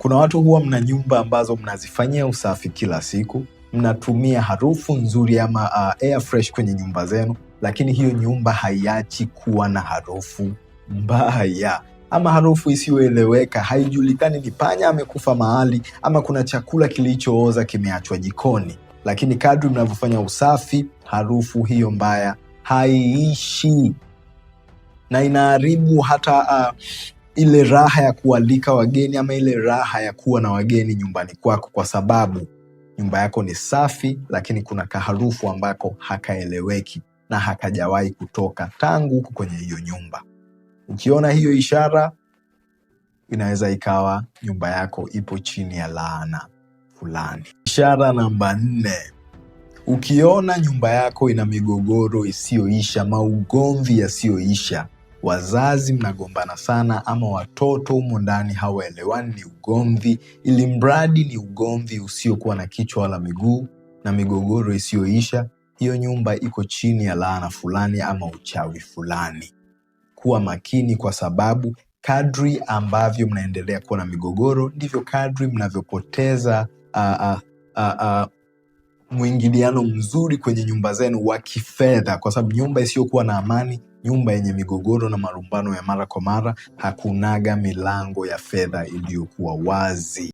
Kuna watu huwa mna nyumba ambazo mnazifanyia usafi kila siku, mnatumia harufu nzuri ama uh, air fresh kwenye nyumba zenu, lakini hiyo nyumba haiachi kuwa na harufu mbaya ama harufu isiyoeleweka. Haijulikani ni panya amekufa mahali ama kuna chakula kilichooza kimeachwa jikoni, lakini kadri mnavyofanya usafi, harufu hiyo mbaya haiishi na inaharibu hata uh, ile raha ya kualika wageni ama ile raha ya kuwa na wageni nyumbani kwako, kwa sababu nyumba yako ni safi, lakini kuna kaharufu ambako hakaeleweki na hakajawahi kutoka tangu huko kwenye hiyo nyumba. Ukiona hiyo ishara, inaweza ikawa nyumba yako ipo chini ya laana fulani. Ishara namba nne, ukiona nyumba yako ina migogoro isiyoisha, maugomvi yasiyoisha wazazi mnagombana sana, ama watoto humo ndani hawaelewani, ni ugomvi, ili mradi ni ugomvi usiokuwa na kichwa wala miguu na migogoro isiyoisha, hiyo nyumba iko chini ya laana fulani ama uchawi fulani. Kuwa makini, kwa sababu kadri ambavyo mnaendelea kuwa na migogoro ndivyo kadri mnavyopoteza uh, uh, uh, uh, mwingiliano mzuri kwenye nyumba zenu wa kifedha, kwa sababu nyumba isiyokuwa na amani Nyumba yenye migogoro na malumbano ya mara kwa mara hakunaga milango ya fedha iliyokuwa wazi